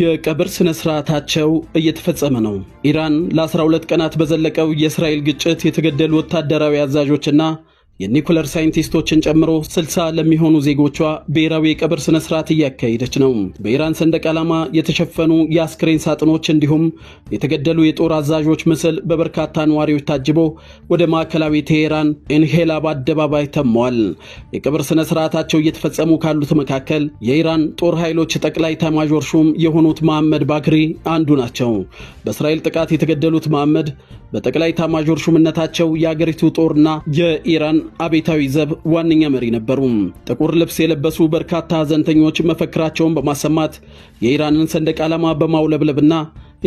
የቀብር ስነ ስርዓታቸው እየተፈጸመ ነው። ኢራን ለ12 ቀናት በዘለቀው የእስራኤል ግጭት የተገደሉ ወታደራዊ አዛዦችና የኒኩለር ሳይንቲስቶችን ጨምሮ ስልሳ ለሚሆኑ ዜጎቿ ብሔራዊ የቀብር ስነ ስርዓት እያካሄደች ነው። በኢራን ሰንደቅ ዓላማ የተሸፈኑ የአስክሬን ሳጥኖች እንዲሁም የተገደሉ የጦር አዛዦች ምስል በበርካታ ነዋሪዎች ታጅቦ ወደ ማዕከላዊ ቴሄራን ኢንሄላብ አደባባይ ተመዋል። የቀብር ስነ ስርዓታቸው እየተፈጸሙ ካሉት መካከል የኢራን ጦር ኃይሎች ጠቅላይ ታማዦር ሹም የሆኑት መሐመድ ባክሪ አንዱ ናቸው። በእስራኤል ጥቃት የተገደሉት መሐመድ በጠቅላይ ታማዦር ሹምነታቸው የአገሪቱ ጦርና የኢራን አቤታዊ ዘብ ዋነኛ መሪ ነበሩ። ጥቁር ልብስ የለበሱ በርካታ ሐዘንተኞች መፈክራቸውን በማሰማት የኢራንን ሰንደቅ ዓላማ በማውለብለብና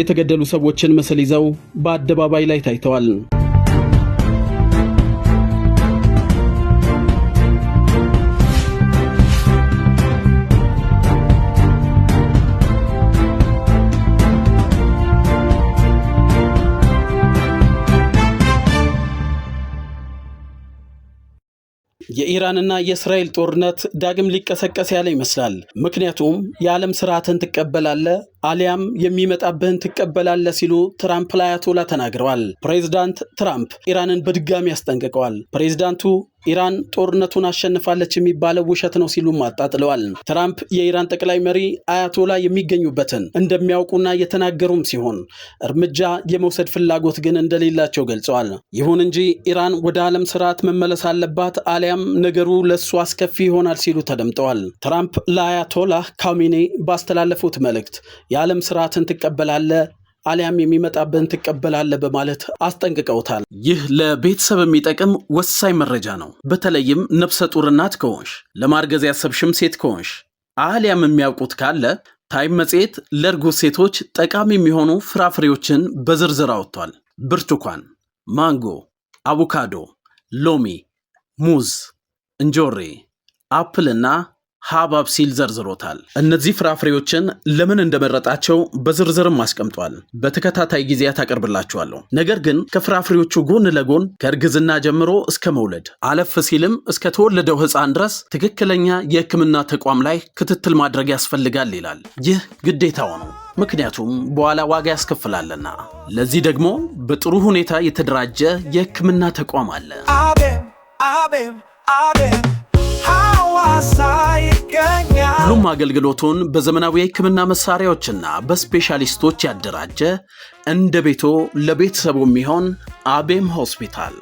የተገደሉ ሰዎችን ምስል ይዘው በአደባባይ ላይ ታይተዋል። የኢራንና የእስራኤል ጦርነት ዳግም ሊቀሰቀስ ያለ ይመስላል። ምክንያቱም የዓለም ስርዓትን ትቀበላለ አሊያም የሚመጣብህን ትቀበላለ ሲሉ ትራምፕ ላይ አያቶላ ተናግረዋል። ፕሬዚዳንት ትራምፕ ኢራንን በድጋሚ አስጠንቅቀዋል። ፕሬዚዳንቱ ኢራን ጦርነቱን አሸንፋለች የሚባለው ውሸት ነው ሲሉም አጣጥለዋል። ትራምፕ የኢራን ጠቅላይ መሪ አያቶላ የሚገኙበትን እንደሚያውቁና የተናገሩም ሲሆን እርምጃ የመውሰድ ፍላጎት ግን እንደሌላቸው ገልጸዋል። ይሁን እንጂ ኢራን ወደ ዓለም ስርዓት መመለስ አለባት አሊያም ነገሩ ለሱ አስከፊ ይሆናል ሲሉ ተደምጠዋል። ትራምፕ ለአያቶላህ ካሚኔ ባስተላለፉት መልእክት የዓለም ስርዓትን ትቀበላለ አሊያም የሚመጣብን ትቀበላለህ በማለት አስጠንቅቀውታል። ይህ ለቤተሰብ የሚጠቅም ወሳኝ መረጃ ነው። በተለይም ነፍሰ ጡር እናት ከሆንሽ፣ ለማርገዝ ያሰብሽም ሴት ከሆንሽ አሊያም የሚያውቁት ካለ ታይም መጽሔት ለእርጉዝ ሴቶች ጠቃሚ የሚሆኑ ፍራፍሬዎችን በዝርዝር አወጥቷል። ብርቱካን፣ ማንጎ፣ አቮካዶ፣ ሎሚ፣ ሙዝ፣ እንጆሪ፣ አፕልና ሐብሐብ ሲል ዘርዝሮታል። እነዚህ ፍራፍሬዎችን ለምን እንደመረጣቸው በዝርዝርም አስቀምጧል። በተከታታይ ጊዜያት አቀርብላችኋለሁ። ነገር ግን ከፍራፍሬዎቹ ጎን ለጎን ከእርግዝና ጀምሮ እስከ መውለድ አለፍ ሲልም እስከ ተወለደው ሕፃን ድረስ ትክክለኛ የሕክምና ተቋም ላይ ክትትል ማድረግ ያስፈልጋል ይላል። ይህ ግዴታው ነው፣ ምክንያቱም በኋላ ዋጋ ያስከፍላልና። ለዚህ ደግሞ በጥሩ ሁኔታ የተደራጀ የሕክምና ተቋም አለ። ሁሉም አገልግሎቱን በዘመናዊ የሕክምና መሳሪያዎችና በስፔሻሊስቶች ያደራጀ እንደ ቤቶ ለቤተሰቡ የሚሆን አቤም ሆስፒታል